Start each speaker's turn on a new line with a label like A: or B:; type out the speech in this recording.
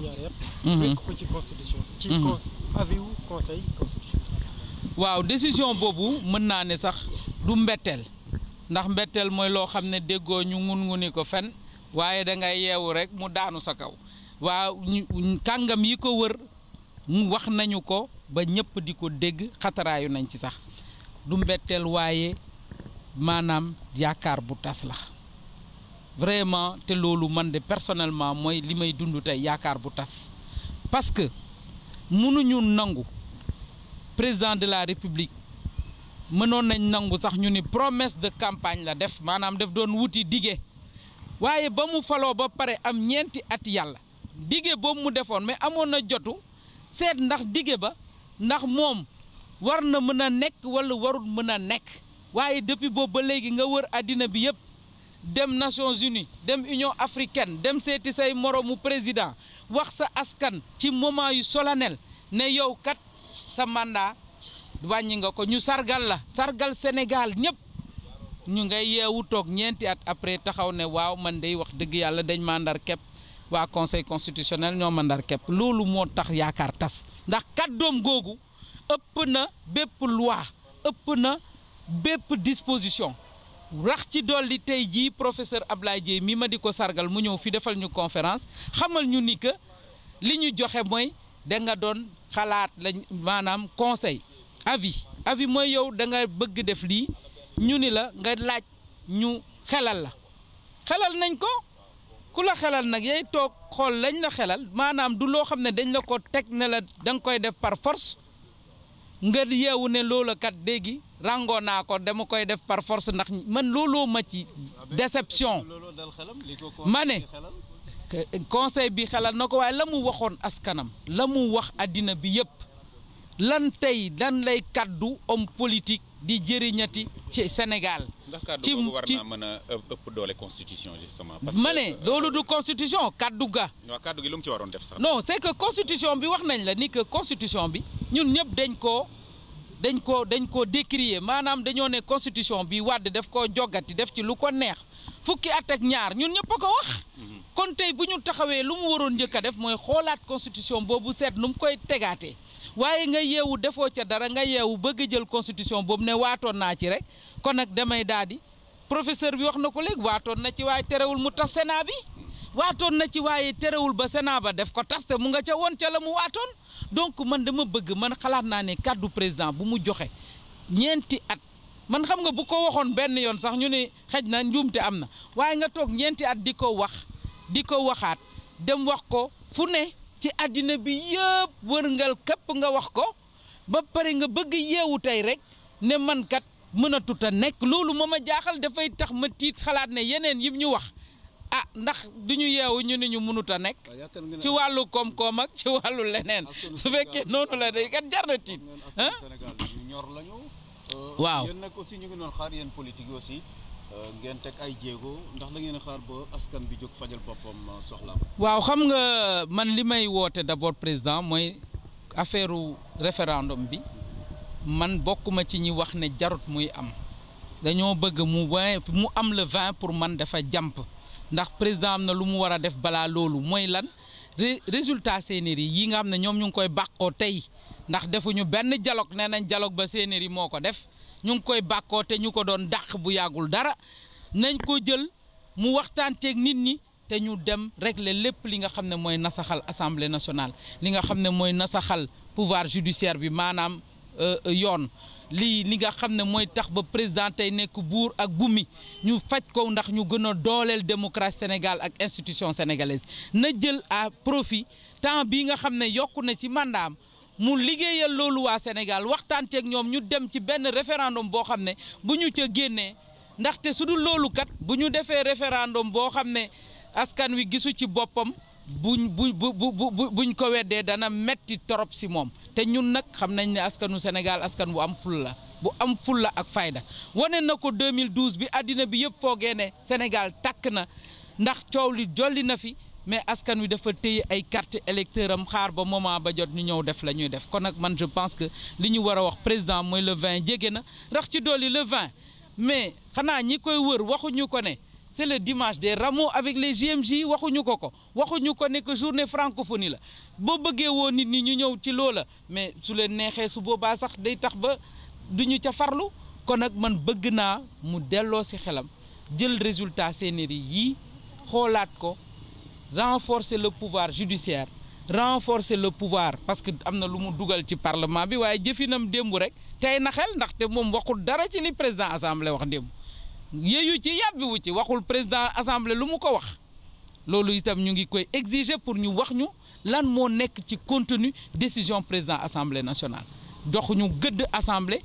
A: milliards yëpp. Mhm. Mhm. waaw décision boobu mën naa ne sax du mbetteel ndax mbetteel mooy loo xam ne déggoo ñu ngun nguni ko fen waaye dangay yeewu rek mu daanu sa kaw waaw kàngam yi ko wër wax nañu ko ba ñëpp di ko dégg xataraayu nañ ci sax du mbetteel waaye maanaam yaakaar bu tas la. vraiment te loolu man de personnellement mooy li may dund tey yaakaar bu tas parce que mënuñu nangu président de la république mënoon nañ nangu sax ñu ni promesse de campagne la def maanaam def doon wuti dige waaye ba mu faloo ba pare am ñeenti at yàlla dige boobu mu defoon mais amoon na jotu seet ndax dige ba ndax moom war na mën a nekk wala warul mën a nekk waaye depuis boobu ba léegi nga wër àddina bi yëpp dem Nations Unies dem Union africaine dem seeti say moroomu président wax sa askan ci moment yu solennel ne yow kat sa mandat wàññi nga ko ñu sargal la sargal Sénégal ñëpp ñu ngay yeewu toog ñeenti at après taxaw ne waaw man day wax dëgg yàlla dañ ma ndar képp waa conseil constitutionnel ñoo ma ndar képp loolu moo tax yaakaar tas ndax doom googu ëpp na bépp loi ëpp na bépp disposition rax ci dolli tey jii professeur Ablaye Dieye mi ma di ko sargal mu ñëw fi defal ñu conférence xamal ñu ni que li ñu joxe mooy da nga doon xalaat lañ maanaam conseil avis avis mooy yow danga bëgg def lii ñu ni la nga laaj ñu xelal la xelal nañ ko ku la xelal nag yay toog xool lañ la xelal maanaam du loo xam ne dañ la ko teg ne la danga koy def par force nga yeewu ne loola kat léegi rangoo naa ko dama koy def par force ndax man looloo ma ci déception ah, ma ne conseil bi xelal na ko waaye la mu waxoon askanam la mu wax àddina bi yëpp lan tey dan lay kaddu homme politique di jëriñati ci Sénégal. ci war naa mën a ëpp doole constitution justement. parce que ma ne euh, loolu du constitution kàddu ga. waaw kaddu gi lu mu ci waroon def sax. non c'est que constitution bi wax nañ la ni que constitution bi ñun ñëpp dañ koo. dañ ko dañ koo décrier maanaam dañoo ne constitution bi Wade daf koo joggati def ci lu ko neex fukki at ak ñaar ñun ñëpp a ko wax kon tey bu ñu taxawee lu mu waroon njëkk a def mooy xoolaat constitution boobu seet nu mu koy tegaatee waaye nga yeewu defoo ca dara nga yeewu bëgg jël constitution boobu ne waatoon naa ci rek kon nag demay daal di professeur bi wax na ko léegi waatoon na ci waaye terewul mu tas senaa bi waatoon na ci waaye terewul ba Sénat ba def ko taste mu nga ca woon ca la mu waatoon donc man dama bëgg man xalaat naa ne kàddu président bu mu joxe ñeenti at man xam nga bu ko waxoon benn yoon sax ñu ne xëj na njuumte am na waaye nga toog ñeenti at di ko wax di ko waxaat dem wax ko fu ne ci àddina bi yëpp wërngal képp nga wax ko ba pare nga bëgg yeewu tey rek ne man kat mënatut a nekk loolu ma ma jaaxal dafay tax ma tiit xalaat ne yeneen yim ñu wax ah ndax du ñu yeewu ñu ne ñu mënut a nekk ci wàllu koom-koom ak ci wàllu leneen su fekkee noonu la day kat jar na tiit ah euh, waaw nag aussi ñu ngi doon xaar yéen politique aussi euh, ngeen teg ay jéego ndax la ngeen xaar ba askan bi jóg fajal boppam euh, soxlaam waaw xam nga man li may woote d'abord président mooy affaire référendum bi man bokkuma ci ñi wax ne jarut muy am dañoo bëgg mu mu am le vin pour man dafa jàmp ndax président am na lu mu war a def balaa loolu mooy lan résultat séenéeri yi nga am ne ñoom ñu ngi koy bàkkoo tey ndax defuñu benn jaloog nee nañ dialogue ba séenéer yi moo ko def ñu ngi koy bàkkoo te ñu ko doon dàq bu yàggul dara nañ ko jël mu waxtaan teeg nit ñi te ñu dem régler lépp li nga xam ne mooy nasaxal assemblée nationale li nga xam ne mooy nasaxal pouvoir judiciaire bi maanaam Euh, yoon lii li nga xam ne mooy tax ba président tey nekk buur ak bumi ñu faj ko ndax ñu gën a dooleel démocratie Sénégal ak institution sénégalaise na jël à profit temps bii nga xam ne yokk na ci mandaam mu liggéeyal loolu waa Sénégal waxtaan ceek ñoom ñu dem ci benn référendom boo xam ne bu ñu ca génnee ndaxte su dul loolu kat bu ñu defee référendum boo xam ne askan wi gisu ci boppam buñ bu bu bu buñ ko weddee dana metti torop si moom te ñun nag xam nañ ne askanu Sénégal askan bu am ful la bu am ful la ak fayda wane na ko 2012 bi àddina bi yëpp foogee ne Sénégal takk na ndax coow li jolli na fi mais askan wi dafa téye ay carte électeur am xaar ba moment ba jot ñu ñëw def la ñuy def kon nag man je pense que li ñu war a wax président mooy le 20 jege na rax ci dolli le 20 mais xanaa ñi koy wër waxuñu ko ne. c'est le dimanche des rameaux avec les JMJ waxuñu ko ko waxuñu ko ne que journée francophonie la boo bëggee woon nit ñi ñu ñëw ci loola mais su leen neexee su boobaa sax day tax ba duñu ca farlu kon nag man bëgg naa mu delloo si xelam jël résultat CNRI yii xoolaat ko renforcer le pouvoir judiciaire renforcer le pouvoir parce que am na lu mu dugal ci parlement bi waaye jëfinam démb rek tey na xel ndaxte moom waxul dara ci li président assemblée wax démb yéeyu ci yàbbiwu ci waxul président assemblée lu mu ko wax loolu itam ñu ngi koy exiger pour ñu wax ñu lan moo nekk ci contenu décision président assemblée nationale dox ñu gëdd assemblée